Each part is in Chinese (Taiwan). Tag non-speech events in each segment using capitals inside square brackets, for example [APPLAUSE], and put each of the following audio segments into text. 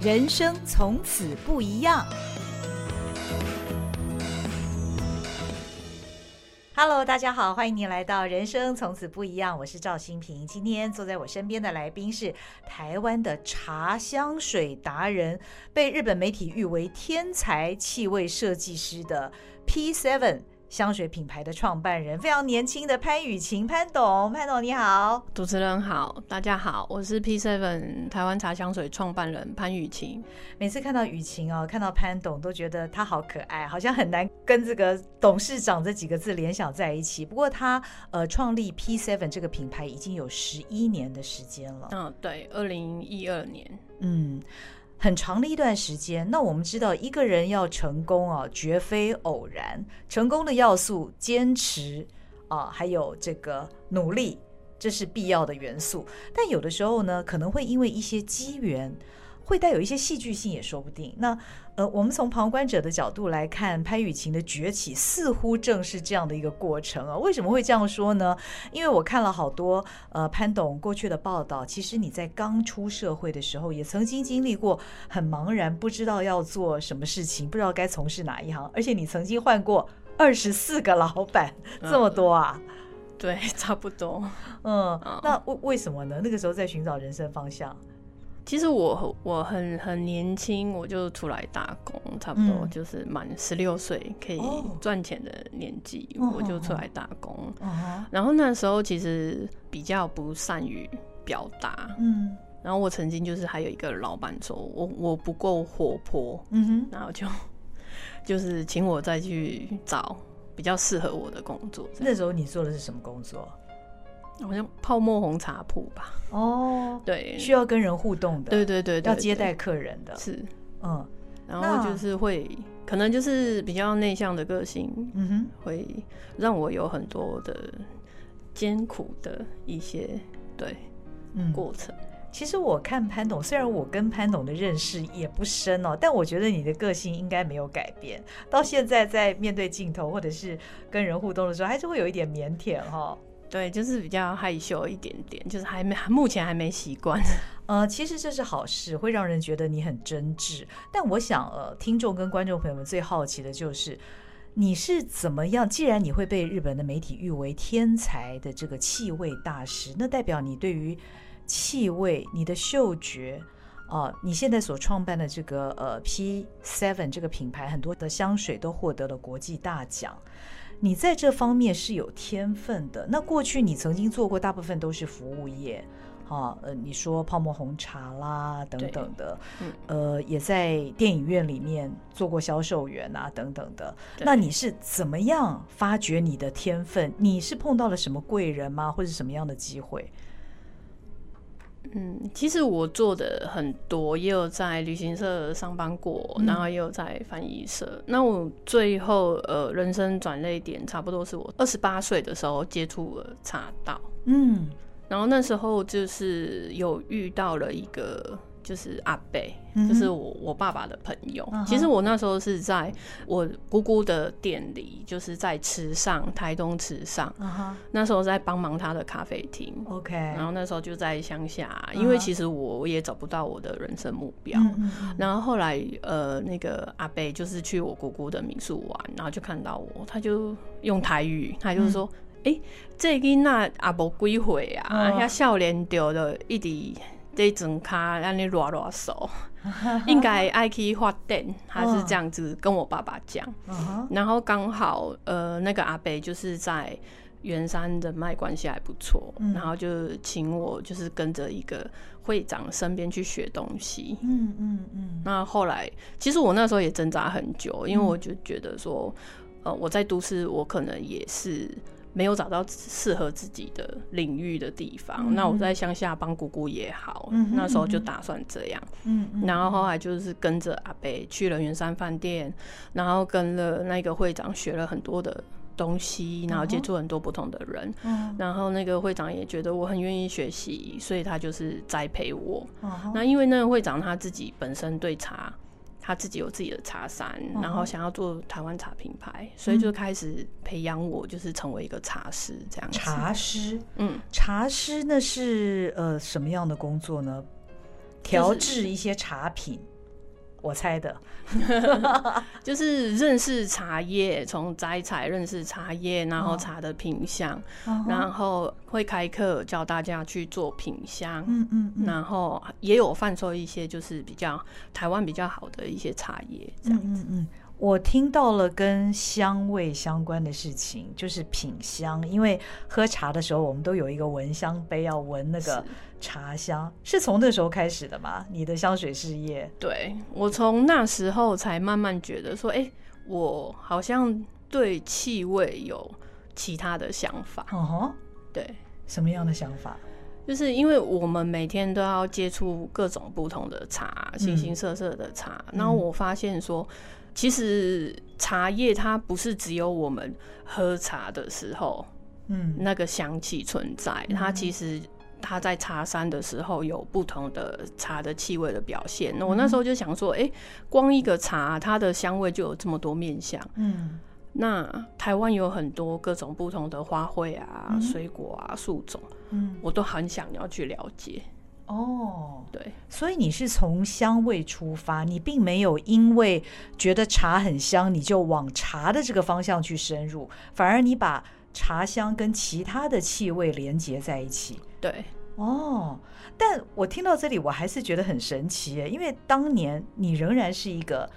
人生從此不一樣。Hello，大家好，歡迎您來到《人生從此不一樣》，我是趙心屏。今天坐在我身邊的來賓是台灣的茶香水達人，被日本媒體譽為天才氣味設計師的 P Seven。香水品牌的創辦人，非常年輕的潘雨晴，潘董，潘董你好，主持人好，大家好，我是 P Seven 台灣茶香水創辦人潘雨晴。每次看到雨晴哦，看到潘董都覺得她好可愛，好像很難跟這個董事長這幾個字聯想在一起。不過他呃，創立 P Seven 這個品牌已經有十一年的時間了。嗯、哦，對，二零一二年，嗯。很長的一段時間，那我們知道一個人要成功啊，絕非偶然。成功的要素，堅持啊，還有這個努力，這是必要的元素。但有的時候呢，可能會因為一些機緣。會帶有一些戲劇性也說不定。那呃，我們從旁觀者的角度來看，潘雨晴的崛起似乎正是這樣的一個過程啊。為什麼會這樣說呢？因為我看了好多呃潘董過去的報道，其實你在剛出社會的時候，也曾經經歷過很茫然，不知道要做什麼事情，不知道該從事哪一行，而且你曾經換過二十四個老板，這麼多啊？嗯、對，差不多。嗯，嗯那為為什麼呢？那個時候在尋找人生方向。其實我我很很年輕，我就出來打工，差不多就是滿十六歲可以賺錢的年紀，哦、我就出來打工。哦哦、然後那時候其實比較不善於表達，嗯、然後我曾經就是還有一個老板說我我不夠活潑，嗯哼，然後就就是請我再去找比較適合我的工作。那時候你做的是什麼工作？好像泡沫紅茶鋪吧，哦，對，需要跟人互動的。對對，對對對，要接待客人的，是，嗯，然後就是會，那可能就是比較內向的個性，嗯哼，會讓我有很多的艱苦的一些對、嗯、過程。其實我看潘董，雖然我跟潘董的認識也不深哦，但我覺得你的個性應該沒有改變，到現在在面對鏡頭或者是跟人互動的時候，還是會有一點靦腆哈、哦。對，就是比較害羞一點點，就是還沒目前還沒習慣。呃，其實這是好事，會讓人覺得你很真摯。但我想，呃，聽眾跟觀眾朋友們最好奇的就是你是怎麼樣？既然你會被日本的媒體譽為天才的這個氣味大師，那代表你對於氣味、你的嗅覺，呃，你現在所創辦的這個呃 P Seven 這個品牌，很多的香水都獲得了國際大獎。你在這方面是有天分的。那過去你曾經做過，大部分都是服務業，啊，呃，你說泡沫紅茶啦，等等的，對呃，也在電影院裡面做過銷售員啊，等等的。對那你是怎麼樣發掘你的天分？你是碰到了什麼貴人嗎？或者是什麼樣的機會？嗯，其實我做的很多，也有在旅行社上班過，嗯、然後也有在翻譯社。那我最後呃，人生轉捩點差不多是我二十八歲的時候接觸了茶道。嗯，然後那時候就是有遇到了一個。就是阿伯，就是我，嗯、哼我爸爸的朋友。嗯、哼其實我那時候是在我姑姑的店裡，就是在池上，台東池上。嗯、哼那時候在幫忙他的咖啡廳。OK，嗯、哼然後那時候就在鄉下，嗯、哼因為其實我也找不到我的人生目標。嗯、哼然後後來，呃，那個阿伯就是去我姑姑的民宿玩，然後就看到我，他就用台語，他就是說：“哎、嗯，欸，這囡那阿伯歸回啊？啊、嗯，笑少年掉了一滴。”這一整卡讓你拉拉手， [LAUGHS] 應該愛去發展，他是這樣子跟我爸爸講。 [LAUGHS] 然後剛好，呃，那個阿伯就是在圓山人脈關係還不錯，嗯、然後就請我就是跟着一個會長身邊去學東西。嗯嗯嗯。嗯嗯，那後來，其實我那時候也掙扎很久，因為我就覺得說，呃，我在都市，我可能也是。沒有找到適合自己的領域的地方，嗯、哼那我在鄉下幫姑姑也好，嗯、哼那時候就打算這樣。嗯、哼然後後來就是跟着阿伯去了圓山飯店，然後跟了那個會長學了很多的東西，然後接觸很多不同的人。嗯、哼然後那個會長也覺得我很願意學習，所以他就是栽培我。嗯、哼那因為那個會長他自己本身對茶。他自己有自己的茶山，嗯、然後想要做台灣茶品牌，所以就開始培養我，嗯、就是成為一個茶師這樣，茶師，嗯，茶師呢是呃什麼樣的工作呢？調製一些茶品。是是是我猜的， [LAUGHS] 就是認識茶葉，從摘採認識茶葉，然後茶的品相，uh huh. 然後會開課教大家去做品香，嗯嗯、uh，huh. 然後也有販售一些就是比較台灣比較好的一些茶葉這樣子、uh huh. 嗯，嗯嗯嗯。我聽到了跟香味相關的事情，就是品香，因為喝茶的時候我們都有一個聞香杯要，要聞那個。茶香是從那時候開始的嗎？你的香水事業？對，我從那時候才慢慢覺得說，哎、欸，我好像對氣味有其他的想法。嗯哼、uh，huh? 對，什麼樣的想法、嗯？就是因為我們每天都要接觸各種不同的茶，形形色色的茶，嗯、然後我發現說，嗯、其實茶葉它不是只有我們喝茶的時候，嗯，那個香氣存在，嗯、它其實。他在茶山的時候有不同的茶的氣味的表現。那我那時候就想說，哎、嗯欸，光一個茶，它的香味就有這麼多面相。嗯，那台灣有很多各種不同的花卉啊、嗯、水果啊、樹種，嗯，我都很想要去了解。哦、嗯，對，所以你是從香味出發，你並沒有因為覺得茶很香，你就往茶的這個方向去深入，反而你把茶香跟其他的氣味連接在一起。對，哦，但我聽到這裡，我還是覺得很神奇，因為當年你仍然是一個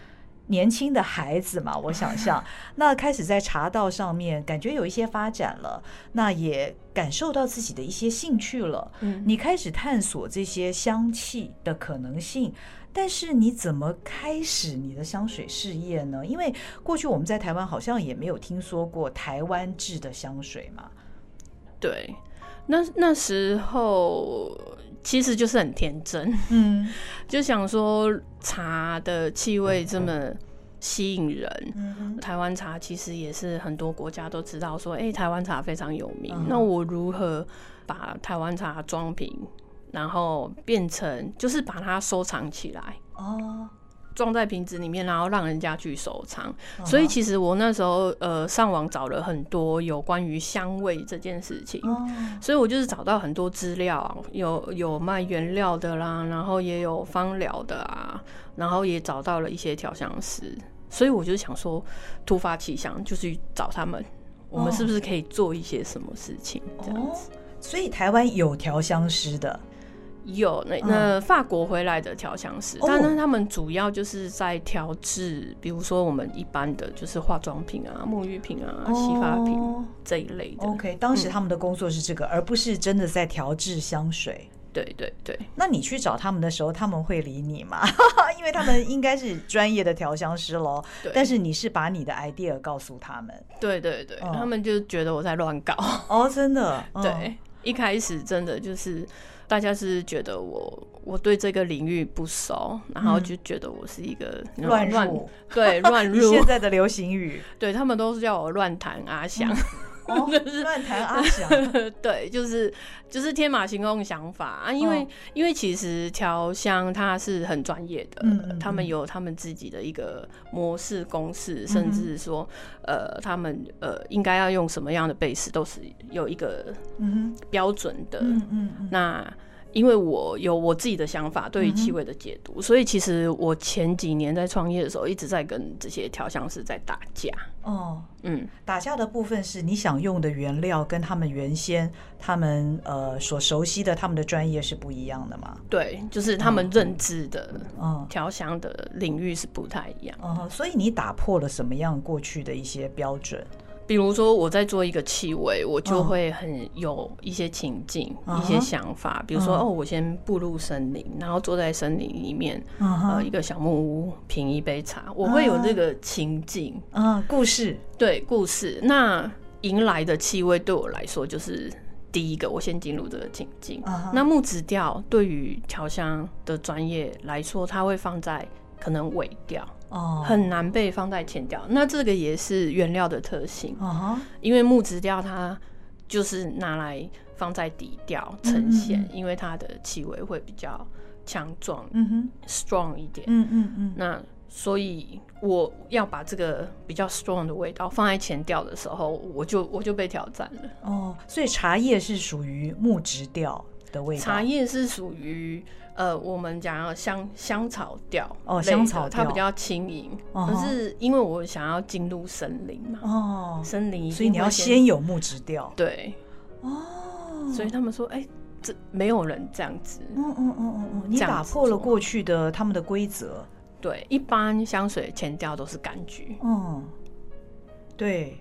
年輕的孩子嘛，我想象 [LAUGHS] 那開始在茶道上面感覺有一些發展了，那也感受到自己的一些興趣了，嗯，你開始探索這些香氣的可能性，但是你怎麼開始你的香水事業呢？因為過去我們在台灣好像也沒有聽說過台灣製的香水嘛，對。那那時候其實就是很天真，嗯， [LAUGHS] 就想說茶的氣味這麼吸引人，嗯嗯嗯、台灣茶其實也是很多國家都知道說，說、欸、誒，台灣茶非常有名。嗯、那我如何把台灣茶裝瓶，然後變成就是把它收藏起來？哦。裝在瓶子裡面，然後讓人家去收藏。Uh huh. 所以其實我那時候呃上網找了很多有關於香味這件事情，uh huh. 所以我就是找到很多資料啊，有有賣原料的啦，然後也有芳療的啊，然後也找到了一些調香師。所以我就想說，突發奇想就是找他們，uh huh. 我們是不是可以做一些什麼事情這樣子？Oh. 所以台灣有調香師的。有那那法國回來的調香師，嗯、但是他們主要就是在調製，哦、比如說我們一般的就是化妝品啊、沐浴品啊、哦、洗髮品這一類的。OK，當時他們的工作是這個，嗯、而不是真的在調製香水。對對對，那你去找他們的時候，他們會理你嗎？ [LAUGHS] 因為他們應該是專業的調香師嘍。對。 [LAUGHS] 但是你是把你的 idea 告訴他們，對，對對對，嗯、他們就覺得我在亂搞。哦，真的，嗯、對，一開始真的就是。大家是覺得我我對這個領域不熟，嗯、然後就覺得我是一個亂入，亂對亂入 [LAUGHS] 現在的流行語，對他們都是叫我亂彈阿翔。嗯 [LAUGHS] 就是、哦、亂談啊， [LAUGHS] 對，就是就是天馬行空的想法啊，因為、哦、因為其實調香它是很專業的，嗯嗯嗯他們有他們自己的一個模式公式，嗯嗯甚至說、呃、他們、呃、應該要用什麼樣的 base，都是有一個標準的，嗯嗯嗯嗯嗯那因為我有我自己的想法，對於氣味的解讀，嗯、所以其實我前幾年在創業的時候，一直在跟這些調香師在打架。哦，嗯，打架的部分是你想用的原料跟他們原先，他們呃，所熟悉的他們的專業是不一樣的嘛？對，就是他們認知的、嗯、調香的領域是不太一樣。哦、嗯嗯，所以你打破了什麼樣過去的一些標準？比如說，我在做一個氣味，我就會很有一些情境、uh huh. 一些想法。比如說，uh huh. 哦，我先步入森林，然後坐在森林裡面，uh huh. 呃，一個小木屋，品一杯茶。我會有這個情境啊，uh huh. uh huh. 故事對故事。那迎來的氣味對我來說，就是第一個，我先進入這個情境。Uh huh. 那木質調對於調香的專業來說，它會放在可能尾調。哦，oh. 很難被放在前調，那這個也是原料的特性。哦、uh，huh. 因為木質調它就是拿來放在底調呈現，uh huh. 因為它的氣味會比較強壯，嗯哼、uh huh.，strong 一點。嗯嗯嗯。Huh. 那所以我要把這個比較 strong 的味道放在前調的時候，我就我就被挑戰了。哦，oh, 所以茶葉是屬於木質調的味道。茶葉是屬於。呃，我們講要香香草調哦，香草調它比較輕盈，哦吼，可是因為我想要進入森林嘛哦，森林，所以你要先有木質調對哦，所以他們說哎，欸，這沒有人這樣子哦哦哦哦，你打破了過去的他們的規則。對，一般香水前調都是柑橘。嗯，對。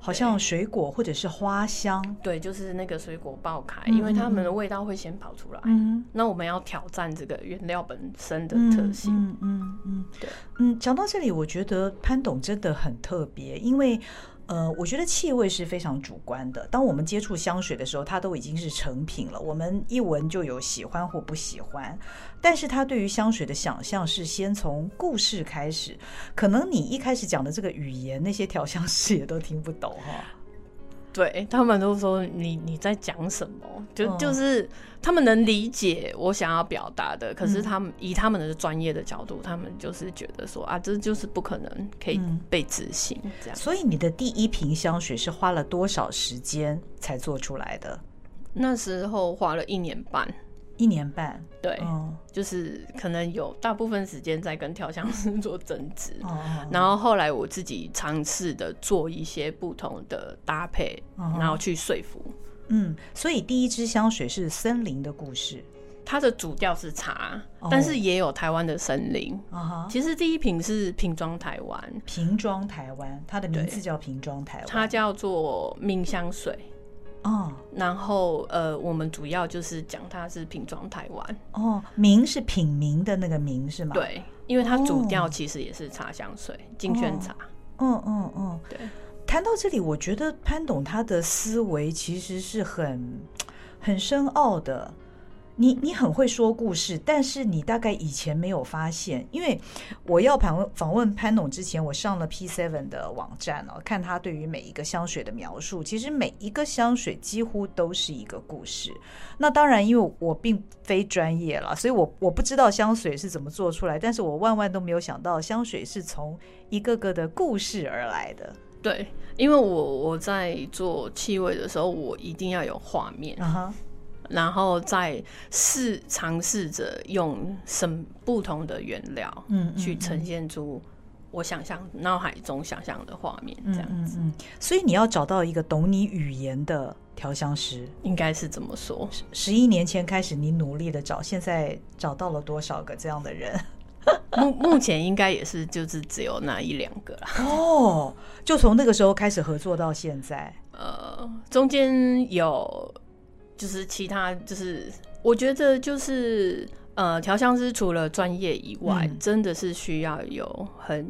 好像水果或者是花香，對，就是那個水果爆開，嗯、因為它們的味道，會先跑出來。嗯、那我們要挑戰這個原料本身的特性。嗯嗯嗯，對，嗯，嗯嗯對嗯，講到這裡，我覺得潘董真的很特別，因為。呃，我覺得氣味是非常主觀的。當我們接觸香水的時候，它都已經是成品了，我們一聞就有喜歡或不喜歡。但是，他對於香水的想象是先從故事開始。可能你一開始講的這個語言，那些調香師也都聽不懂哈、哦。對，他們都說你你在講什麼，就、嗯、就是他們能理解我想要表達的，可是他們以他們的專業的角度，嗯、他們就是覺得說啊，這就是不可能可以被執行這樣、嗯。所以你的第一瓶香水是花了多少時間才做出來的？那時候花了一年半。一年半，對，哦、就是可能有大部分時間在跟調香師做爭執，哦、然後後來我自己嘗試的做一些不同的搭配，哦、然後去說服。嗯，所以第一支香水是森林的故事，它的主調是茶，哦、但是也有台灣的森林。哦、其實第一瓶是瓶裝台灣，瓶裝台灣，它的名字叫瓶裝台灣，它叫做茗香水。哦，oh. 然後呃，我們主要就是講它是品裝台灣哦，oh, 名是品名的那個名是嗎？對，因為它主調其實也是茶香水金萱茶，嗯嗯嗯，對。談到這裡，我覺得潘董他的思維其實是很很深奧的。你你很會說故事，但是你大概以前沒有發現，因為我要盤訪問，訪問潘總之前，我上了 P Seven 的網站哦、喔，看他對於每一個香水的描述，其實每一個香水幾乎都是一個故事。那當然，因為我並非專業了，所以我我不知道香水是怎麼做出來，但是我萬萬都沒有想到香水是從一個個的故事而來的。對，因為我我在做氣味的時候，我一定要有畫面。Uh huh. 然後再試嘗試着用什麼不同的原料，嗯，去呈現出我想象腦海中想象的畫面，這樣子嗯嗯嗯。所以你要找到一個懂你語言的調香師，應該是怎麼說？十一、okay. 年前開始，你努力的找，現在找到了多少個這樣的人？目 [LAUGHS] 目前應該也是就是只有那一兩個了。哦，oh, 就從那個時候開始合作到現在，呃，中間有。就是其他，就是我覺得，就是呃，調香師除了專業以外，嗯、真的是需要有很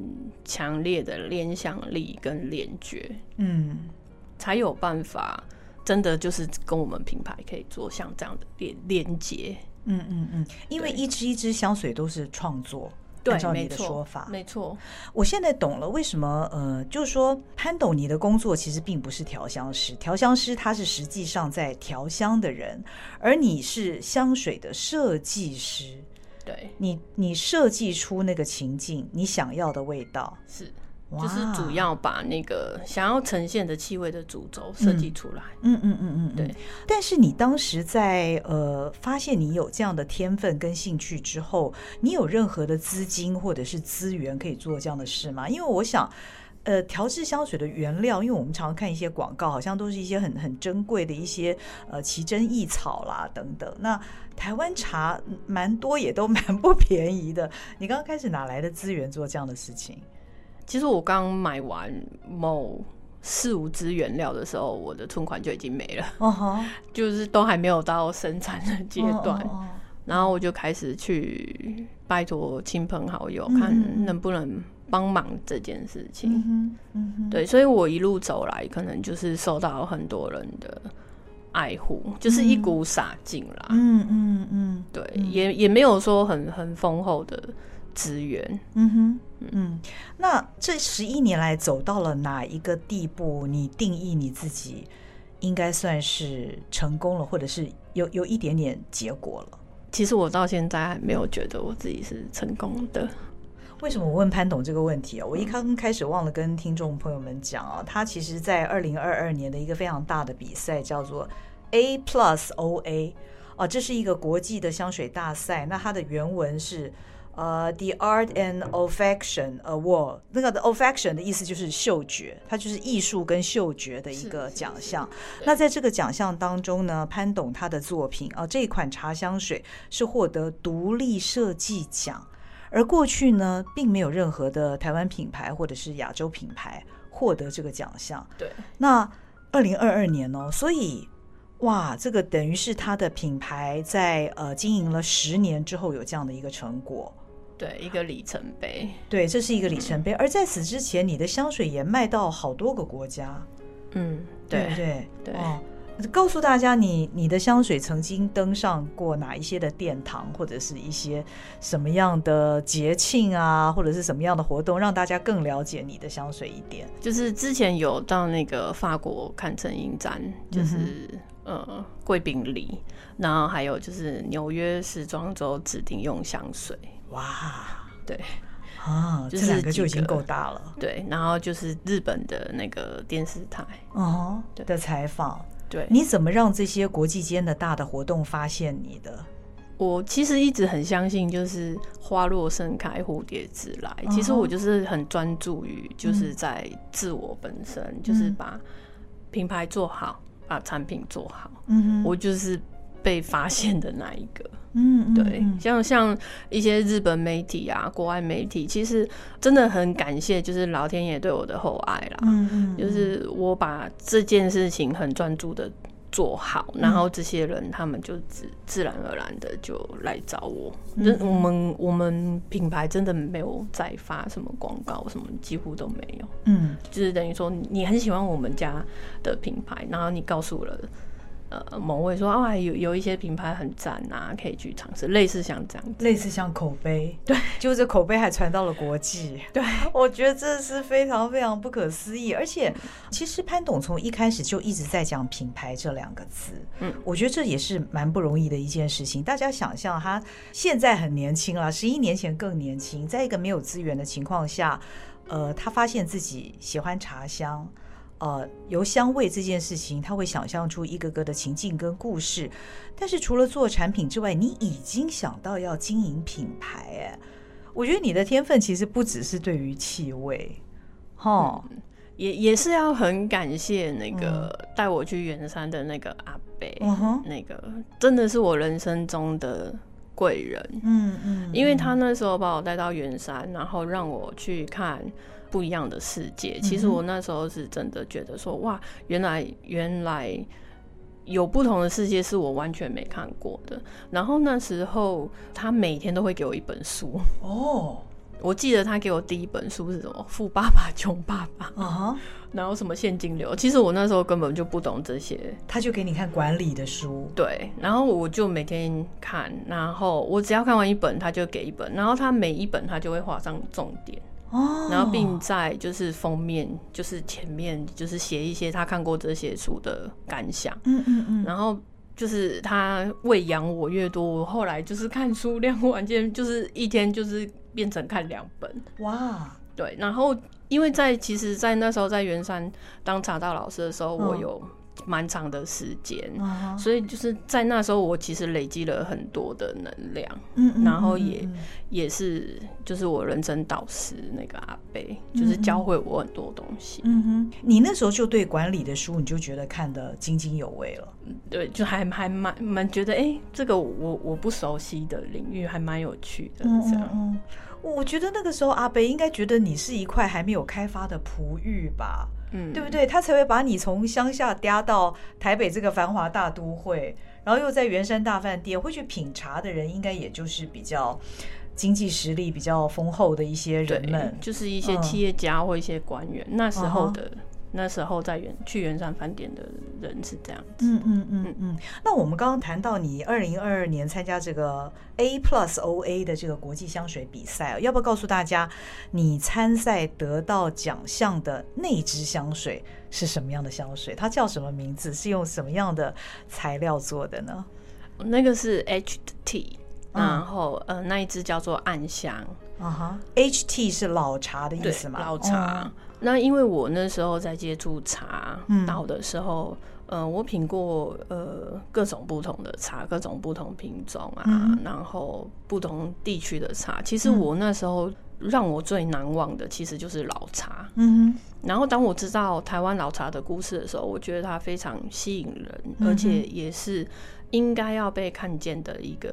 強烈的聯想力跟聯覺，嗯，才有辦法，真的就是跟我們品牌可以做像這樣的聯連結，嗯，嗯嗯嗯，因為一支一支香水都是創作。按照你的說法，沒錯。我現在懂了為什麼，呃，就是說潘董，你的工作其實並不是調香師，調香師他是實際上在調香的人，而你是香水的設計師。對，你你設計出那個情境你想要的味道是。就是主要把那個想要呈現的氣味的主軸設計出來。嗯嗯嗯嗯，對嗯嗯嗯嗯。但是你當時在呃發現你有這樣的天分跟興趣之後，你有任何的資金或者是資源可以做這樣的事嗎？因為我想，呃，調製香水的原料，因為我們常看一些廣告，好像都是一些很很珍貴的一些呃奇珍異草啦等等。那台灣茶蠻多，也都蠻不便宜的。你剛剛開始哪來的資源做這樣的事情？其實我剛買完某四五支原料的時候，我的存款就已經沒了。Oh, oh. [LAUGHS] 就是都還沒有到生產的階段，oh, oh, oh. 然後我就開始去拜托親朋好友，mm hmm. 看能不能幫忙這件事情。Mm hmm. 對，所以我一路走來，可能就是受到很多人的愛護，mm hmm. 就是一股傻勁啦。嗯嗯嗯，hmm. 對，mm hmm. 也也沒有說很很豐厚的。資源，嗯哼，嗯，那這十一年來走到了哪一個地步？你定義你自己應該算是成功了，或者是有有一點點結果了？其實我到現在還沒有覺得我自己是成功的。為什麼我問潘董這個問題啊？我一剛開始忘了跟聽眾朋友們講啊，他其實，在二零二二年的一個非常大的比賽叫做 A Plus O A，哦、啊，這是一個國際的香水大賽。那它的原文是。呃、uh，The Art and Olfaction Award，那個的 Olfaction 的意思就是嗅覺，它就是藝術跟嗅覺的一個獎項。那在這個獎項當中呢，潘董他的作品啊、呃，這一款茶香水是獲得獨立設計獎，而過去呢，並沒有任何的台灣品牌或者是亞洲品牌獲得這個獎項。對。那二零二二年哦，所以哇，這個等於是他的品牌在呃經營了十年之後有這樣的一個成果。對，一個里程碑，啊。對，這是一個里程碑。嗯，而在此之前，你的香水也賣到好多個國家。嗯，對對對。對哦，告訴大家你，你你的香水曾經登上過哪一些的殿堂，或者是一些什麼樣的節慶啊，或者是什麼樣的活動，讓大家更了解你的香水一點。就是之前有到那個法國看成衣展，就是，嗯，哼呃，貴賓禮，然後還有就是紐約時裝周指定用香水。哇，wow, 對，啊，就是這兩個就已經夠大了，對，然後就是日本的那個電視台哦的採訪，uh、huh, 對，對，你怎麼讓這些國際間的大的活動發現你的？我其實一直很相信，就是花若盛開，蝴蝶自來。Uh huh. 其實我就是很專注於，就是在自我本身，uh huh. 就是把品牌做好，把產品做好。嗯、uh huh. 我就是被發現的那一個。嗯，對，像像一些日本媒體啊，國外媒體，其實真的很感謝，就是老天爺對我的厚愛啦。嗯嗯，就是我把這件事情很專注的做好，嗯、然後這些人他們就自自然而然的就來找我。那、嗯、我們我們品牌真的沒有再發什麼廣告，什麼幾乎都沒有。嗯，就是等於說你很喜歡我們家的品牌，然後你告訴了。呃，某位說啊，有有一些品牌很讚啊，可以去嘗試，類似像這樣子，類似像口碑，對，就這口碑還傳到了國際， [LAUGHS] 對，我覺得這是非常非常不可思議。而且，其實潘董從一開始就一直在講品牌這兩個字，嗯，我覺得這也是蠻不容易的一件事情。大家想象他現在很年輕了，十一年前更年輕，在一個沒有資源的情況下，呃，他發現自己喜歡茶香。呃，由香味這件事情，他會想象出一個個的情境跟故事。但是除了做產品之外，你已經想到要經營品牌。哎、欸，我覺得你的天分其實不只是對於氣味，哈、嗯，也也是要很感謝那個帶我去圓山的那個阿伯，嗯、那個真的是我人生中的貴人，嗯嗯，嗯嗯，因為他那時候把我帶到圓山，然後讓我去看。不一樣的世界，其實我那時候是真的覺得說，嗯、哼哇，原來原來有不同的世界是我完全沒看過的。然後那時候他每天都會給我一本書哦，我記得他給我第一本書是什麼《富爸爸窮爸爸》啊、uh，huh、然後什麼現金流，其實我那時候根本就不懂這些，他就給你看管理的書，對，然後我就每天看，然後我只要看完一本，他就給一本，然後他每一本他就會畫上重點。哦，然後並在就是封面，就是前面就是寫一些他看過這些書的感想，嗯嗯嗯，然後就是他餵養我越多，我後來就是看書量，完全就是一天就是變成看兩本，哇，對，然後因為在其實，在那時候在圓山當茶道老師的時候，哦、我有。蠻長的時間，uh huh. 所以就是在那時候，我其實累積了很多的能量，嗯、然後也、嗯、也是就是我人生導師那個阿伯，嗯、就是教會我很多東西、嗯嗯。你那時候就對管理的書，你就覺得看得津津有味了？對，就還還蠻蠻覺得，哎、欸，這個我我不熟悉的領域還蠻有趣的、嗯、這樣。我覺得那個時候阿北應該覺得你是一塊還沒有開發的璞玉吧，嗯，對不對？他才會把你從鄉下調到台北這個繁華大都會，然後又在圓山大飯店會去品茶的人，應該也就是比較經濟實力比較豐厚的一些人們，就是一些企業家或一些官員、嗯、那時候的。Uh huh. 那時候在圓去圓山飯店的人是這樣子嗯。嗯嗯嗯嗯。嗯那我們剛剛談到你二零二二年參加這個 A Plus O A 的這個國際香水比賽，要不要告訴大家你參賽得到獎項的那支香水是什麼樣的香水？它叫什麼名字？是用什麼樣的材料做的呢？那個是 H T，然後、嗯、呃，那一支叫做暗香。啊哈，H T 是老茶的意思嗎？老茶。Oh. 那因為我那時候在接觸茶道的時候，呃，我品過呃各種不同的茶，各種不同品種啊，然後不同地區的茶。其實我那時候讓我最難忘的，其實就是老茶。嗯哼。然後當我知道台灣老茶的故事的時候，我覺得它非常吸引人，而且也是應該要被看見的一個。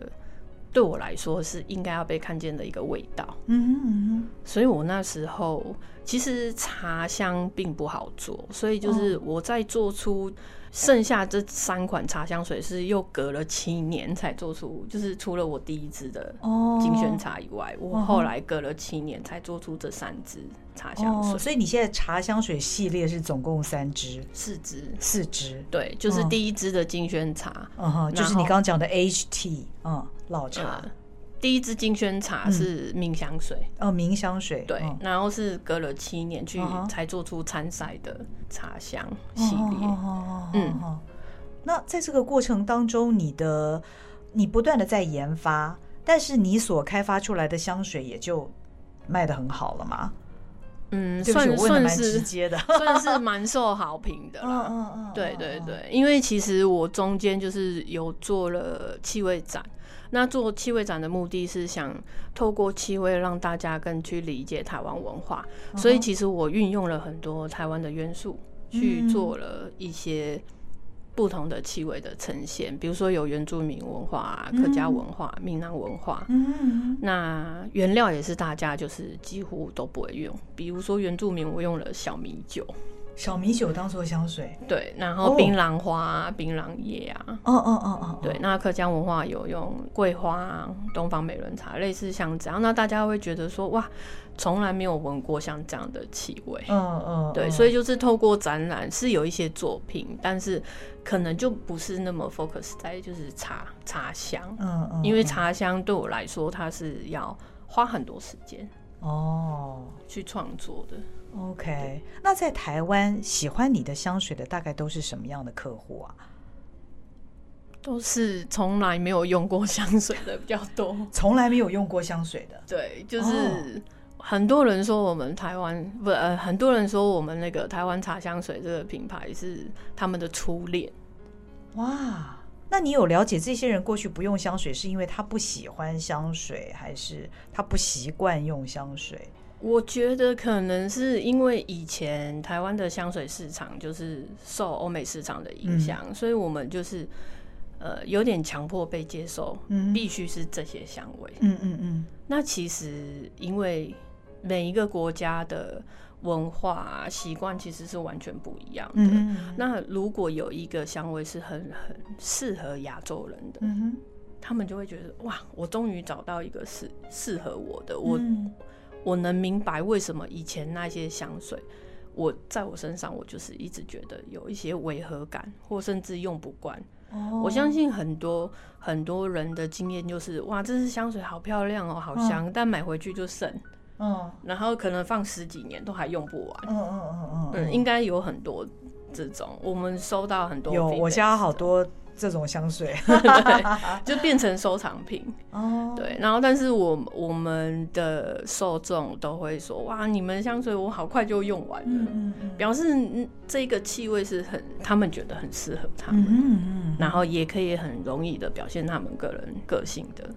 對我來說是應該要被看見的一個味道，嗯哼，嗯哼，所以我那時候其實茶香並不好做，所以就是我在做出。剩下這三款茶香水是又隔了七年才做出，就是除了我第一支的金萱茶以外，oh, 我後來隔了七年才做出這三支茶香水。Oh, 所以你現在茶香水系列是總共三支、四支、四支？對，就是第一支的金萱茶，就是你剛剛講的 HT，嗯，老茶。Uh. 第一支金萱茶是明香水、嗯、哦，明香水對，嗯、然後是隔了七年去才做出參賽的茶香系列，哦哦哦哦哦、嗯，那在這個過程當中你，你的你不斷的在研發，但是你所開發出來的香水也就賣得很好了嘛？嗯，算，我問得蠻直接的，算是蠻 [LAUGHS] 受好評的了，嗯、哦、對對對，哦、因為其實我中間就是有做了氣味展。那做氣味展的目的是想透過氣味讓大家更去理解台灣文化，oh. 所以其實我運用了很多台灣的元素去做了一些不同的氣味的呈現，mm hmm. 比如說有原住民文化、客家文化、閩南、mm hmm. 文化。Mm hmm. 那原料也是大家就是幾乎都不會用，比如說原住民，我用了小米酒。小米酒當做香水，對，然後檳榔花、檳榔葉啊，哦哦哦哦，oh, oh, oh, oh, oh. 對，那客家文化有用桂花啊、東方美人茶，類似像這樣，那大家會覺得說哇，從來沒有聞過像這樣的氣味，嗯嗯，對，所以就是透過展覽是有一些作品，但是可能就不是那麼 focus 在就是茶茶香，嗯嗯，因為茶香對我來說它是要花很多時間哦去創作的。OK，那在台灣喜歡你的香水的大概都是什麼樣的客戶啊？都是從來沒有用過香水的比較多。從 [LAUGHS] 來沒有用過香水的，對，就是很多人說我們台灣、oh. 不呃，很多人說我們那個台灣茶香水這個品牌是他們的初戀。哇，wow, 那你有了解這些人過去不用香水，是因為他不喜歡香水，還是他不習慣用香水？我覺得可能是因為以前台灣的香水市場就是受歐美市場的影響，嗯、所以我們就是、呃、有點強迫被接受，嗯、必須是這些香味。嗯嗯嗯。那其實因為每一個國家的文化習慣其實是完全不一樣的。嗯、嗯、嗯。那如果有一個香味是很很適合亞洲人的，嗯嗯。他們就會覺得哇，我終於找到一個是適合我的我。嗯我能明白為什麼以前那些香水，我在我身上，我就是一直覺得有一些違和感，或甚至用不慣。Oh. 我相信很多很多人的經驗就是，哇，這支香水好漂亮哦，好香，oh. 但買回去就剩。Oh. 然後可能放十幾年都還用不完。嗯、oh. oh. oh. oh. 嗯，應該有很多這種。我們收到很多。有，我家好多。這種香水 [LAUGHS] 對，就變成收藏品哦。Oh. 對，然後，但是我我們的受眾都會說，哇，你們香水我好快就用完了，mm hmm. 表示這個氣味是很他們覺得很適合他們，mm hmm. 然後也可以很容易地表現他們個人個性的，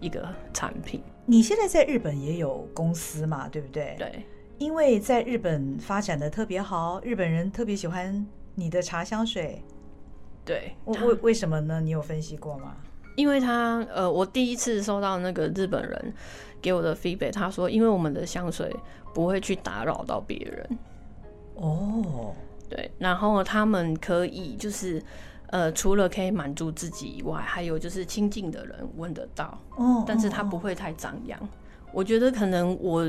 一個產品。你現在在日本也有公司嘛？對不對？對，因為在日本發展得特別好，日本人特別喜歡你的茶香水。對，為為什麼呢？你有分析過嗎？因為他，呃，我第一次收到那個日本人給我的 feedback，他說，因為我們的香水不會去打擾到別人。哦，oh. 對，然後他們可以就是，呃，除了可以滿足自己以外，還有就是親近的人聞得到。哦，oh. 但是他不會太張揚。Oh. 我覺得可能我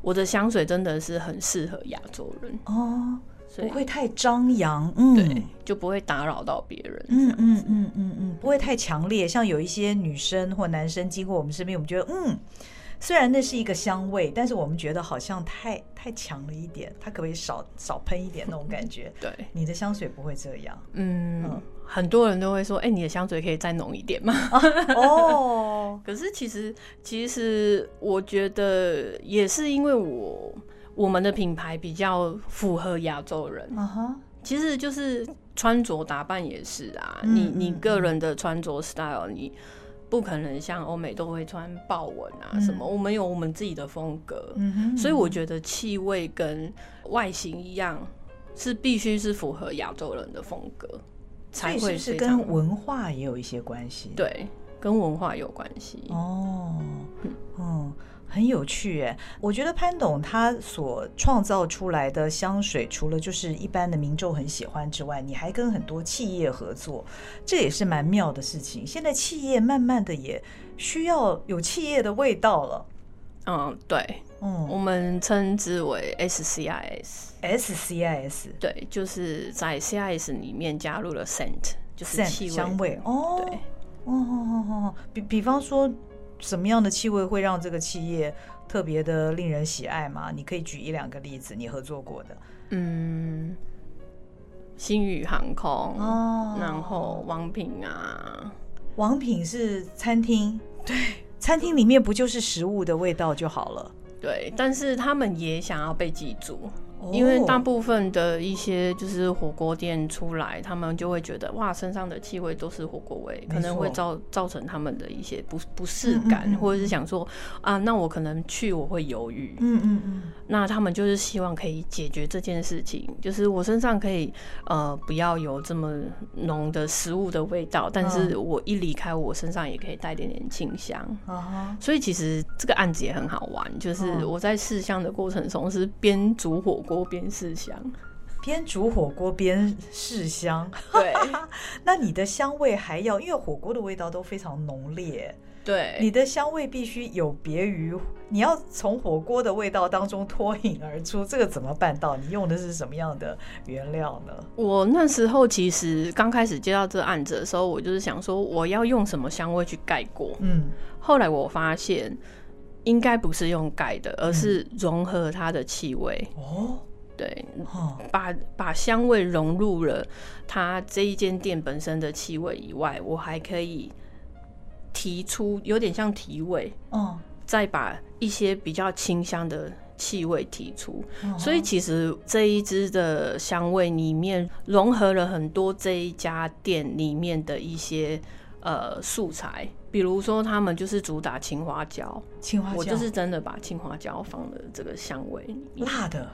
我的香水真的是很適合亞洲人。哦。Oh. 不會太張揚，嗯、對，就不會打擾到別人，嗯。嗯嗯嗯嗯嗯，不會太強烈。像有一些女生或男生經過我們身邊，我們覺得，嗯，雖然那是一個香味，但是我們覺得好像太太強了一點。它可不可以少少噴一點？那種感覺。對，你的香水不會這樣。嗯，嗯，很多人都會說，哎、欸，你的香水可以再濃一點嗎？啊、 [LAUGHS] 哦，可是其實其實我覺得也是因為我。我們的品牌比較符合亞洲人，uh huh. 其實就是穿着打扮也是啊，嗯、你你個人的穿着 style，、嗯嗯、你不可能像歐美都會穿豹紋啊什麼，嗯、我們有我們自己的風格，嗯、所以我覺得氣味跟外形一樣，是必須是符合亞洲人的風格，才會是跟文化也有一些關係，對，跟文化有關係，哦，oh, 嗯。嗯很有趣欸，我覺得潘董他所創造出來的香水，除了就是一般的民眾很喜歡之外，你還跟很多企業合作，這也是蠻妙的事情。現在企業慢慢的也需要有企業的味道了。嗯，對，嗯，我們稱之為 SCIS，SCIS，對，就是在 CIS 裡面加入了 Scent，就是氣味，香味哦，對，哦，哦哦哦，比比方說。什麼樣的氣味會讓這個企業特別的令人喜愛嗎？你可以舉一兩個例子，你合作過的。嗯，星宇航空哦，然後王品啊，王品是餐廳，對，餐廳裡面不就是食物的味道就好了？對，但是他們也想要被記住。因為大部分的一些就是火鍋店出來，他們就會覺得哇，身上的氣味都是火鍋味，沒錯。可能會造造成他們的一些不不適感，嗯嗯嗯或者是想說啊，那我可能去我會猶豫。嗯嗯嗯。那他們就是希望可以解決這件事情，就是我身上可以呃不要有這麼濃的食物的味道，但是我一離開，我身上也可以帶一點點清香。啊、嗯、所以其實這個案子也很好玩，就是我在試香的過程中是邊煮火。鍋邊試香，邊煮火鍋邊試香。對， [LAUGHS] 那你的香味還要，因為火鍋的味道都非常濃烈。對，你的香味必須有別於，你要從火鍋的味道當中脫穎而出，這個怎麼辦到？你用的是什麼樣的原料呢？我那時候其實剛開始接到這案子的時候，我就是想說我要用什麼香味去蓋過。嗯，後來我發現。應該不是用蓋的，而是融合它的氣味哦。嗯、對，把把香味融入了它這一間店本身的氣味以外，我還可以提出有點像提味，嗯、再把一些比較清香的氣味提出，嗯、所以其實這一支的香味裡面融合了很多這一家店裡面的一些呃素材。比如說，他們就是主打青花椒，青花椒，我就是真的把青花椒放了這個香味裡面，辣的，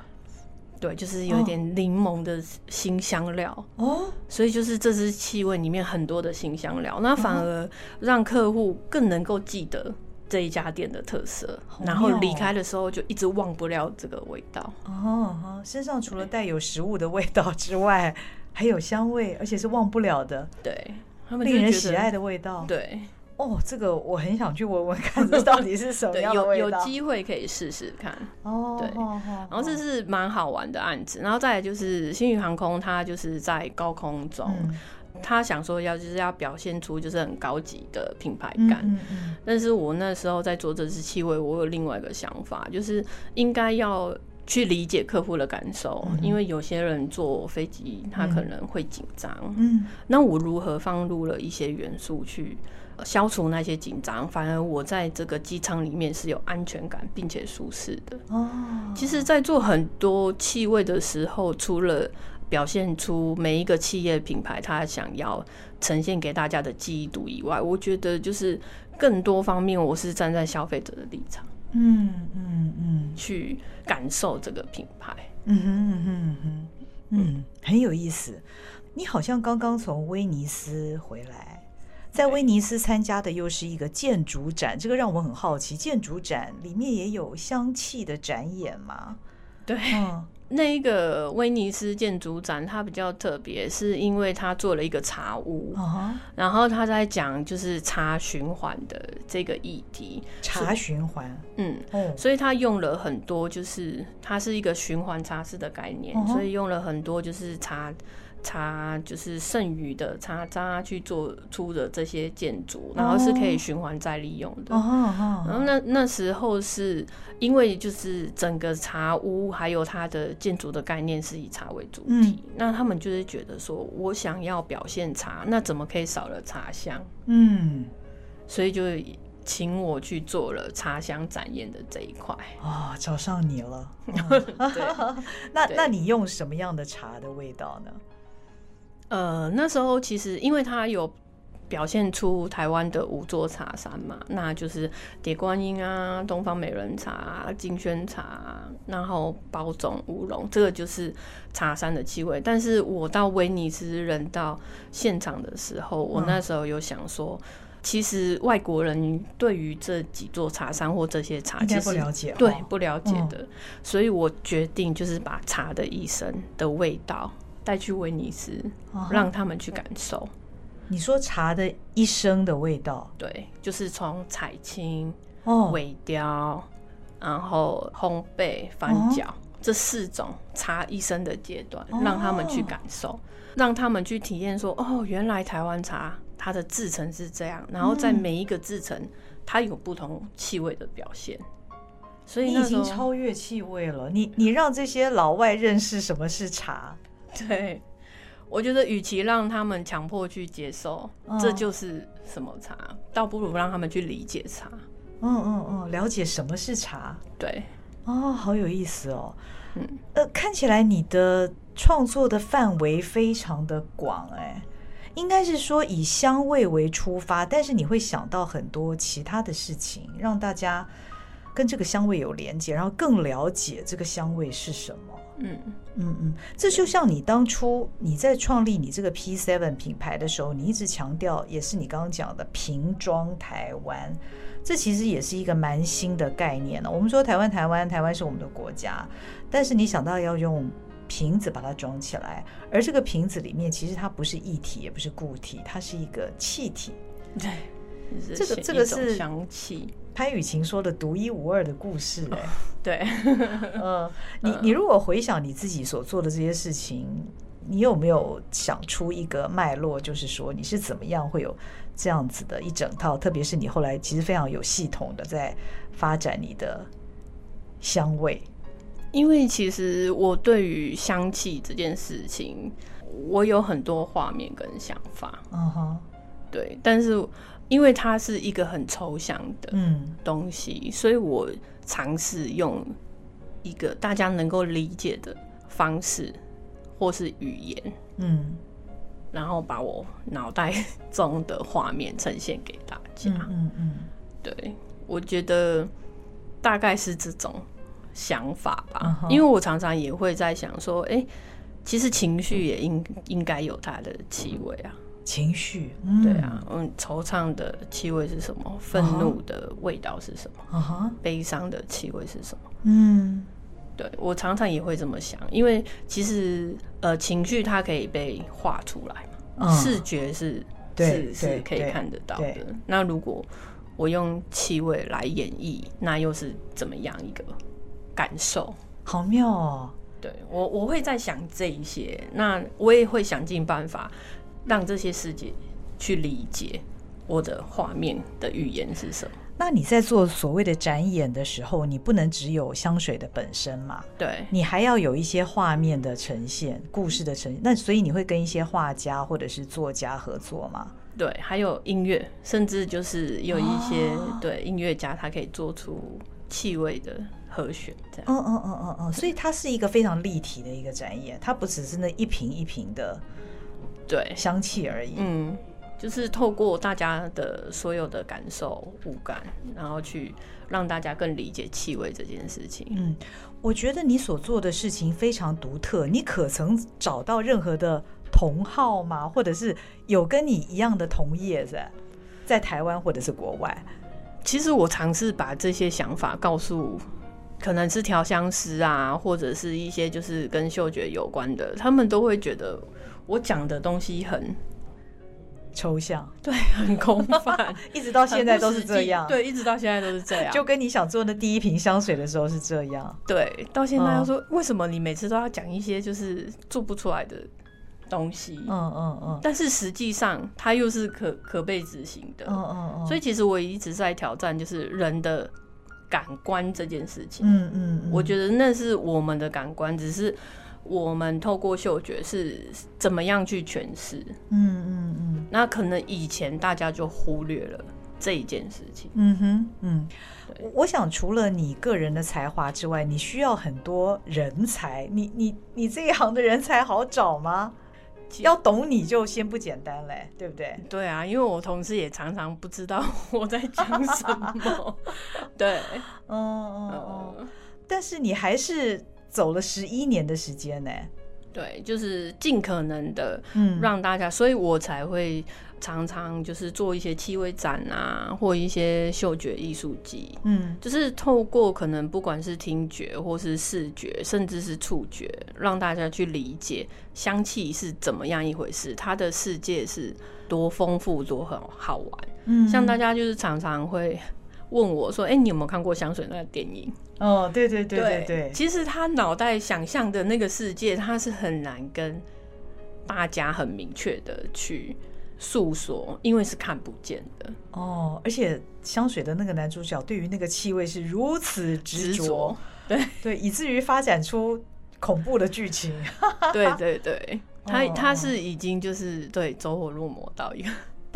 對，就是有一點檸檬的辛香料哦，所以就是這支氣味裡面很多的辛香料，哦、那反而讓客戶更能夠記得這一家店的特色，哦、然後離開的時候就一直忘不了這個味道哦、嗯嗯，身上除了帶有食物的味道之外，對還有香味，而且是忘不了的，對，他們令人喜愛的味道，對。哦，oh, 這個我很想去聞聞看，這到底是什麼樣？ [LAUGHS] 有有機會可以試試看。哦，oh, 對，oh, oh, oh. 然後這是蠻好玩的案子。然後再來就是，星宇航空它就是在高空中，嗯、它想說要就是要表現出就是很高級的品牌感。嗯嗯、但是我那時候在做這支氣味，我有另外一個想法，就是應該要去理解客戶的感受，嗯、因為有些人坐飛機他可能會緊張。嗯。那我如何放入了一些元素去？消除那些緊張，反而我在這個機艙裡面是有安全感，並且舒適的。哦，其實，在做很多氣味的時候，除了表現出每一個企業品牌它想要呈現給大家的記憶度以外，我覺得就是更多方面，我是站在消費者的立場，嗯嗯嗯，嗯嗯去感受這個品牌。嗯哼嗯哼，嗯，很有意思。你好像剛剛從威尼斯回來。在威尼斯參加的又是一個建築展，這個讓我很好奇。建築展裡面也有香氣的展演嗎？對，嗯、那一個威尼斯建築展它比較特別，是因為他做了一個茶屋，uh huh. 然後他在講就是茶循環的這個議題。茶循環，嗯，oh. 所以他用了很多，就是它是一個循環茶室的概念，uh huh. 所以用了很多就是茶，茶就是剩餘的茶渣去做出的這些建築，oh, 然後是可以循環再利用的。哦、oh, oh, oh, oh, oh. 然後那那時候是因為就是整個茶屋還有它的建築的概念是以茶為主題，嗯、那他們就是覺得說，我想要表現茶，那怎麼可以少了茶香？嗯。所以就請我去做了茶香展演的這一塊。哦，oh, 找上你了。Oh. [LAUGHS] 對 [LAUGHS] 那那你用什麼樣的茶的味道呢？呃，那時候其實因為它有表現出台灣的五座茶山嘛，那就是鐵觀音啊、東方美人茶啊、金萱茶啊，然後包種烏龍，這個就是茶山的氣味。但是我到威尼斯人到現場的時候，嗯、我那時候有想說，其實外國人對於這幾座茶山或這些茶，其實不了解，對，不了解的，嗯、所以我決定就是把茶的一生的味道。帶去威尼斯，oh. 讓他們去感受。你說茶的一生的味道，對，就是從採青、oh. 萎凋，然後烘焙、翻腳、oh. 這四種茶一生的階段，oh. 讓他們去感受，讓他們去體驗。說哦，原來台灣茶它的製程是這樣，然後在每一個製程、嗯、它有不同氣味的表現。所以你已經超越氣味了。你你讓這些老外認識什麼是茶。對，我覺得與其讓他們強迫去接受，嗯，這就是什麼茶，倒不如讓他們去理解茶。嗯嗯嗯，了解什麼是茶。對，哦，好有意思哦。嗯，呃，看起來你的創作的範圍非常的廣欸，應該是說以香味為出發，但是你會想到很多其他的事情，讓大家跟這個香味有連接，然後更了解這個香味是什麼。嗯嗯嗯，這就像你當初你在創立你這個 P Seven 品牌的時候，你一直強調，也是你剛剛講的“瓶裝台灣”，這其實也是一個蠻新的概念呢，我們說台灣，台灣，台灣是我們的國家，但是你想到要用瓶子把它裝起來，而這個瓶子裡面其實它不是液體，也不是固體，它是一個氣體。對，這個這個是香氣。潘雨晴說的獨一無二的故事、欸，oh, 對， [LAUGHS] 嗯、你你如果回想你自己所做的這些事情，你有沒有想出一個脈絡？就是說你是怎麼樣會有這樣子的一整套？特別是你後來其實非常有系統的在發展你的香味，因為其實我對於香氣這件事情，我有很多畫面跟想法，嗯哼、uh-huh. 對，但是。因為它是一個很抽象的東西，嗯、所以我嘗試用一個大家能夠理解的方式或是語言，嗯、然後把我腦袋中的畫面呈現給大家。嗯嗯嗯、對，我覺得大概是這種想法吧，嗯、哼因為我常常也會在想說，哎、欸，其實情緒也、嗯、應應該有它的氣味啊。嗯情緒，嗯、對啊，嗯，惆悵的氣味是什麼？憤怒的味道是什麼？Uh huh. uh huh. 悲傷的氣味是什麼？嗯、uh，huh. 對，我常常也會這麼想，因為其實呃，情緒它可以被畫出來嘛、嗯、視覺是對是是可以看得到的。那如果我用氣味來演繹，那又是怎麼樣一個感受？好妙哦！對，我，我會在想這一些，那我也會想盡辦法。讓這些世界去理解我的畫面的語言是什麼？那你在做所謂的展演的時候，你不能只有香水的本身嘛？對，你還要有一些畫面的呈現、故事的呈現。那所以你會跟一些畫家或者是作家合作嗎？對，還有音樂，甚至就是有一些、哦、對音樂家，他可以做出氣味的和弦，這樣。嗯嗯嗯嗯嗯，所以它是一個非常立體的一個展演，它不只是那一瓶一瓶的。對，香氣而已。嗯，就是透過大家的所有的感受、五感，然後去讓大家更理解氣味這件事情。嗯，我覺得你所做的事情非常獨特。你可曾找到任何的同好嗎？或者是有跟你一樣的同業在在台灣或者是國外？其實我嘗試把這些想法告訴，可能是調香師啊，或者是一些就是跟嗅覺有關的，他們都會覺得。我講的東西很抽象，對，很空泛， [LAUGHS] 一直到現在都是這樣，對，一直到現在都是這樣， [LAUGHS] 就跟你想做的第一瓶香水的時候是這樣，對，嗯、到現在要說為什麼你每次都要講一些就是做不出來的東西，嗯嗯嗯，嗯嗯，但是實際上它又是可可被執行的，嗯嗯，嗯，所以其實我一直在挑戰就是人的感官這件事情，嗯嗯，嗯嗯，我覺得那是我們的感官，只是。我們透過嗅覺是怎麼樣去詮釋、嗯？嗯嗯嗯。那可能以前大家就忽略了這一件事情。嗯哼，嗯對我。我想除了你個人的才華之外，你需要很多人才。你你你這一行的人才好找嗎？其實 要懂你就先不簡單嘞，嗯、對不對？對啊，因為我同事也常常不知道我在講什麼。 [LAUGHS] [LAUGHS] 對，嗯嗯嗯。嗯嗯但是你還是。走了十一年的時間呢，欸，對，就是盡可能的，嗯，讓大家，嗯、所以我才會常常就是做一些氣味展啊，或一些嗅覺藝術集，嗯，就是透過可能不管是聽覺或是視覺，甚至是觸覺，讓大家去理解香氣是怎麼樣一回事，它的世界是多豐富多很好玩，嗯，像大家就是常常會。問我說：“哎、欸，你有沒有看過香水那個電影？”哦，對對對對對。對，其實他腦袋想象的那個世界，他是很難跟大家很明確的去訴說，因為是看不見的。哦，而且香水的那個男主角，對於那個氣味是如此執着，對對，以至於發展出恐怖的劇情。 [LAUGHS] 對對對，他、哦、他、他是已經就是對走火入魔到一個。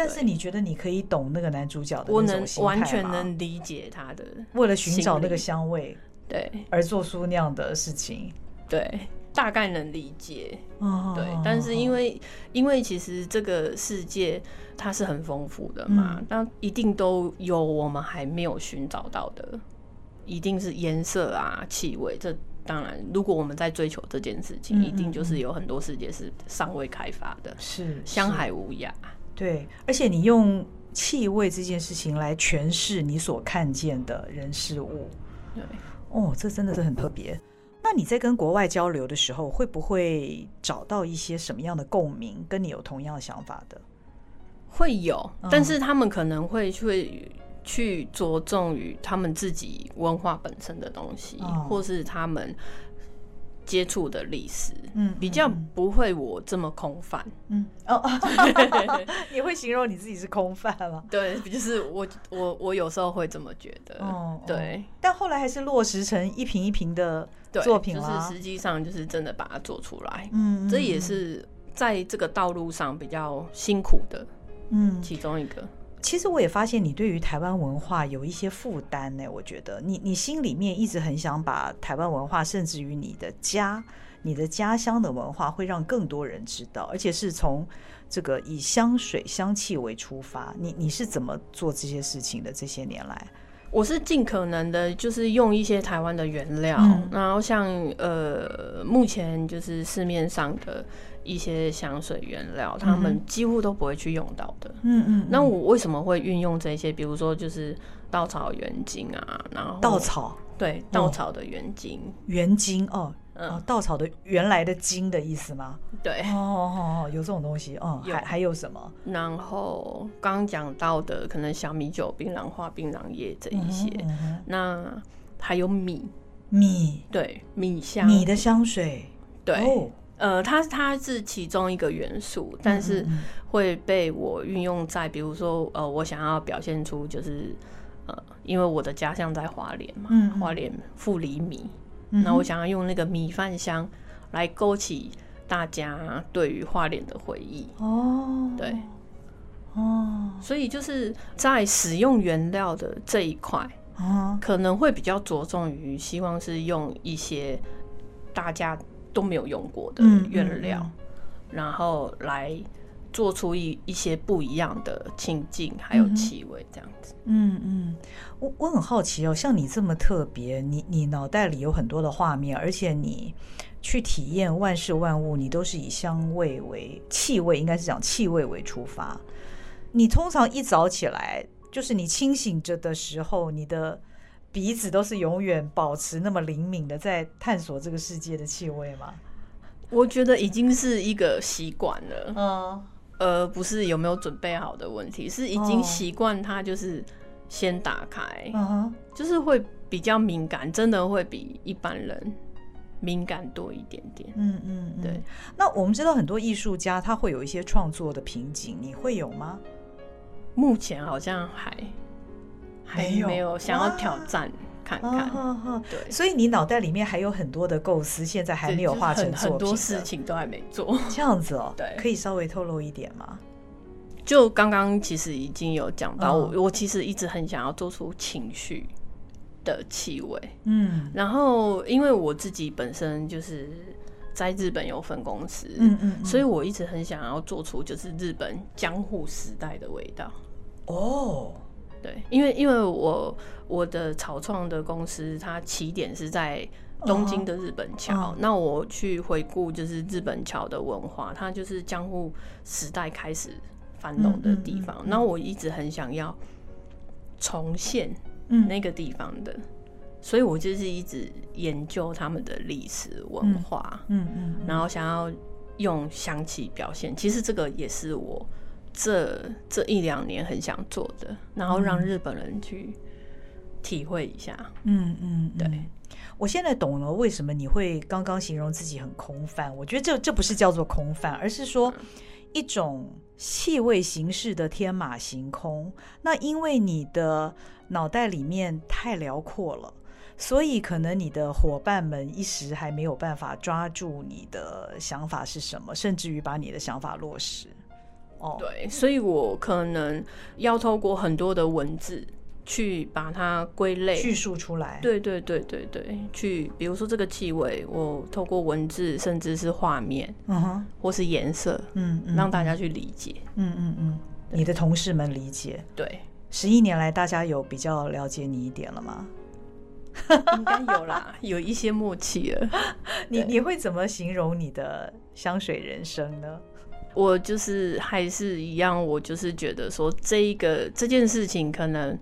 但是你覺得你可以懂那個男主角的那種心態嗎？我能完全能理解他的，為了尋找那個香味，對，而做出那樣的事情，對，大概能理解。Oh. 對，但是因為因為其實這個世界它是很豐富的嘛，嗯、但一定都有我們還沒有尋找到的，一定是顏色啊、氣味。這當然，如果我們在追求這件事情，嗯嗯，一定就是有很多世界是尚未開發的，是，是香海無涯。對，而且你用氣味這件事情來詮釋你所看見的人事物，對，哦，這真的是很特別。那你在跟國外交流的時候，會不會找到一些什麼樣的共鳴，跟你有同樣的想法的？會有，嗯，但是他們可能會會去着重於他們自己文化本身的東西，哦，或是他們。接觸的歷史，嗯，嗯，比較不會我這麼空泛，嗯，哦對， [LAUGHS] 你會形容你自己是空泛嗎？對，就是我，我，我有時候會這麼覺得，嗯、對，但後來還是落實成一瓶一瓶的作品了，就是實際上就是真的把它做出來，嗯，嗯，這也是在這個道路上比較辛苦的，嗯，其中一個。其實我也發現你對於台灣文化有一些負擔呢。我覺得你你心裡面一直很想把台灣文化，甚至於你的家、你的家鄉的文化，會讓更多人知道，而且是從這個以香水香氣為出發。你你是怎麼做這些事情的？這些年來，我是盡可能的，就是用一些台灣的原料，嗯、然後像呃，目前就是市面上的。一些香水原料，他們幾乎都不會去用到的。嗯嗯。那我為什麼會運用這些？比如說，就是稻草原精啊，然後稻草，對，稻草的原精，原精哦，啊，稻草的原來的精的意思嗎？對。哦哦，有這種東西哦。還還有什麼？然後剛講到的，可能小米酒、檳榔花、檳榔葉這一些。那還有米米，對，米香米的香水，對。呃，它它是其中一個元素，但是會被我運用在，比如說，呃，我想要表現出就是，呃，因為我的家鄉在花蓮嘛，花蓮、嗯、哼富里米，那、嗯、哼我想要用那個米飯香來勾起大家對於花蓮的回憶。哦，對，哦，所以就是在使用原料的這一塊，哦、可能會比較着重於希望是用一些大家。都沒有用過的原料，mm hmm. 然後來做出一一些不一樣的情境，mm hmm. 還有氣味這樣子。嗯嗯、mm，我，hmm. 我很好奇哦，像你這麼特別，你你腦袋裡有很多的畫面，而且你去體驗萬事萬物，你都是以香味為氣味，應該是講氣味為出發。你通常一早起來，就是你清醒着的時候，你的。鼻子都是永遠保持那麼靈敏的，在探索這個世界的氣味嗎？我覺得已經是一個習慣了。嗯，而不是有沒有準備好的問題，是已經習慣它，就是先打開，哦 uh huh、就是會比較敏感，真的會比一般人敏感多一點點。嗯，嗯嗯，對。那我們知道很多藝術家他會有一些創作的瓶頸，你會有嗎？目前好像還沒有想要挑戰看看，對、啊啊啊啊，所以你腦袋裡面還有很多的構思，現在還沒有畫成、就是、很,很多事情都還沒做，這樣子哦、喔，對，可以稍微透露一點嗎？就剛剛其實已經有講到我，我、哦、我其實一直很想要做出情緒的氣味，嗯，然後因為我自己本身就是在日本有分公司，嗯,嗯,嗯，所以我一直很想要做出就是日本江戶時代的味道，哦。對，因為因為我我的草創的公司，它起點是在東京的日本橋。Oh, oh. 那我去回顧，就是日本橋的文化，它就是江戶時代開始繁榮的地方。那、嗯、我一直很想要重現那個地方的，嗯、所以我就是一直研究他們的歷史文化。嗯嗯，嗯嗯，然後想要用香氣表現，其實這個也是我。這這一兩年很想做的，然後讓日本人去體會一下。嗯嗯，對嗯嗯，我現在懂了為什麼你會剛剛形容自己很空泛。我覺得這這不是叫做空泛，而是說一種氣味形式的天馬行空。那因為你的腦袋裡面太遼闊了，所以可能你的夥伴們一時還沒有辦法抓住你的想法是什麼，甚至於把你的想法落實。Oh. 對，所以我可能要透過很多的文字去把它歸類、敘述出來。對對對對對，去比如說這個氣味，我透過文字甚至是畫面，嗯哼、uh，huh. 或是顏色，嗯，嗯，讓大家去理解。嗯嗯嗯，對你的同事們理解。對，十一對年來，大家有比較了解你一點了嗎？ [LAUGHS] 應該有啦，有一些默契了。 [LAUGHS] 你對你會怎麼形容你的香水人生呢？我就是還是一樣，我就是覺得說，這一個這件事情，可能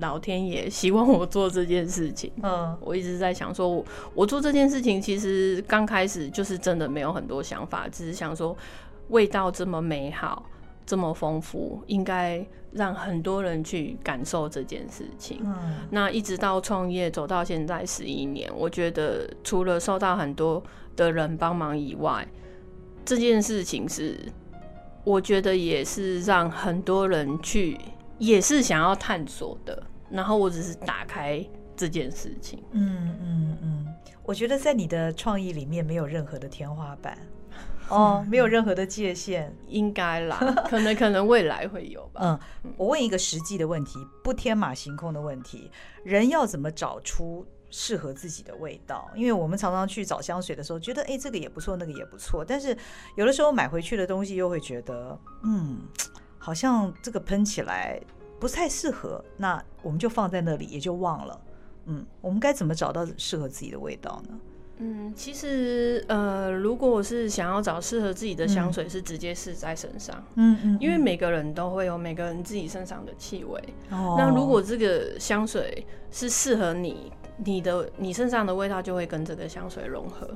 老天爺希望我做這件事情。嗯，我一直在想說我，我做這件事情其實剛開始就是真的沒有很多想法，只是想說味道這麼美好，這麼豐富，應該讓很多人去感受這件事情。嗯，那一直到創業走到現在十一年，我覺得除了受到很多的人幫忙以外，這件事情是，我覺得也是讓很多人去，也是想要探索的。然後我只是打開這件事情。嗯嗯嗯，我覺得在你的創意裡面沒有任何的天花板， [LAUGHS] 哦，沒有任何的界限， [LAUGHS] 應該啦，可能可能未來會有吧。 [LAUGHS] 嗯，我問一個實際的問題，不天馬行空的問題，人要怎麼找出？適合自己的味道，因為我們常常去找香水的時候，覺得哎，這個也不錯，那個也不錯。但是有的時候買回去的東西又會覺得，嗯，好像這個噴起來不太適合。那我們就放在那裡，也就忘了。嗯，我們該怎麼找到適合自己的味道呢？嗯，其實呃，如果是想要找適合自己的香水，嗯、是直接試在身上。嗯，嗯嗯，因為每個人都會有每個人自己身上的氣味。哦。那如果這個香水是適合你，你的你身上的味道就會跟這個香水融合。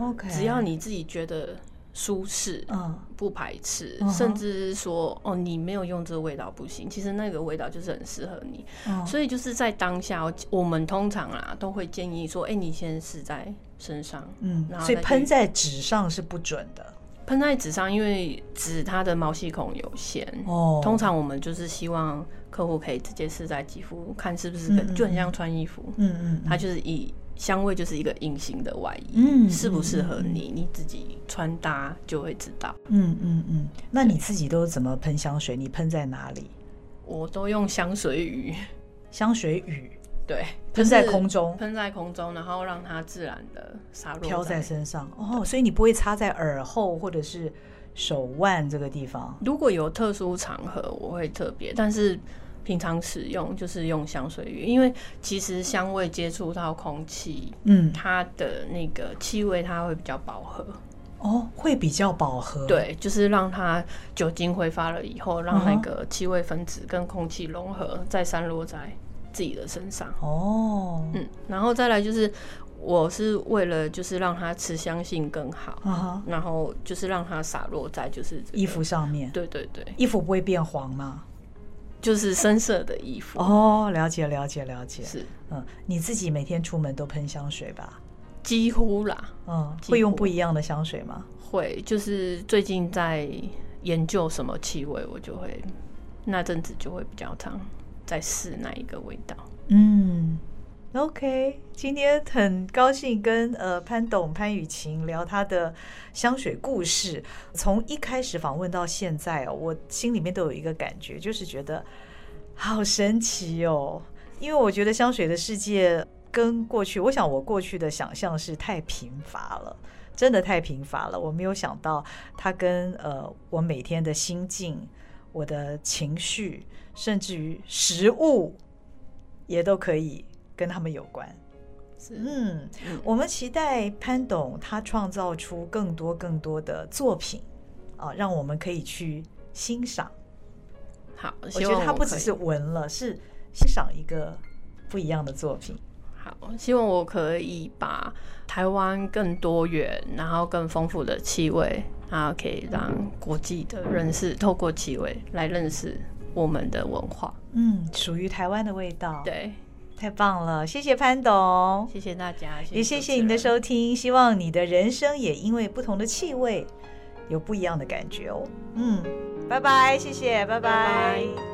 OK。只要你自己覺得。舒適，嗯，不排斥，嗯哼，甚至說，哦，你沒有用這個味道不行。其實那個味道就是很適合你。嗯、所以就是在當下，我們通常啊都會建議說，哎、欸，你先試在身上，嗯，然後那，所以噴在紙上是不準的。噴在紙上，因為紙它的毛細孔有限。Oh. 通常我們就是希望客戶可以直接試在肌膚，看是不是嗯嗯嗯就很像穿衣服。嗯，嗯嗯，它就是以香味就是一個隱形的外衣，嗯，嗯，嗯，適不適合你，你自己穿搭就會知道。嗯嗯嗯，對那你自己都怎麼噴香水？你噴在哪裡？我都用香水雨，香水雨。對，噴在空中，噴在空中，然後讓它自然的灑落，飄在身上哦。Oh, 對所以你不會擦在耳後或者是手腕這個地方？如果有特殊場合，我會特別，但是平常使用就是用香水雨，因為其實香味接觸到空氣，嗯，它的那個氣味它會比較飽和哦，oh, 會比較飽和，對，就是讓它酒精揮發了以後，讓那個氣味分子跟空氣融合，oh. 再散落在。自己的身上哦，oh. 嗯，然後再來就是，我是為了就是讓它持香性更好，uh huh. 然後就是讓它灑落在就是、這個、衣服上面，對對對，衣服不會變黃嗎？就是深色的衣服哦、oh,，了解了解了解，是嗯，你自己每天出門都噴香水吧？幾乎啦，嗯，幾乎。會用不一樣的香水嗎？會，就是最近在研究什麼氣味，我就會那陣子就會比較常。在試哪一個味道。嗯，OK，今天很高興跟、呃、潘董潘雨晴聊他的香水故事。從一開始訪問到現在，我心裡面都有一個感覺，就是覺得好神奇哦。因為我覺得香水的世界跟過去，我想我過去的想象是太貧乏了，真的太貧乏了。我沒有想到他跟呃我每天的心境、我的情緒。甚至於食物，也都可以跟他們有關。是嗯，嗯，我們期待潘董他創造出更多更多的作品，啊，讓我們可以去欣賞。好，希望我，我覺得他不只是聞了，是欣賞一個不一樣的作品。好，希望我可以把台灣更多元，然後更豐富的氣味，然後可以讓國際的人士透過氣味來認識我們的文化，嗯，屬於台灣的味道。對，太棒了，謝謝潘董，謝謝大家，謝謝主持人。也謝謝你的收聽，希望你的人生也因為不同的氣味有不一樣的感覺哦，嗯，拜拜，謝謝，拜拜。拜拜。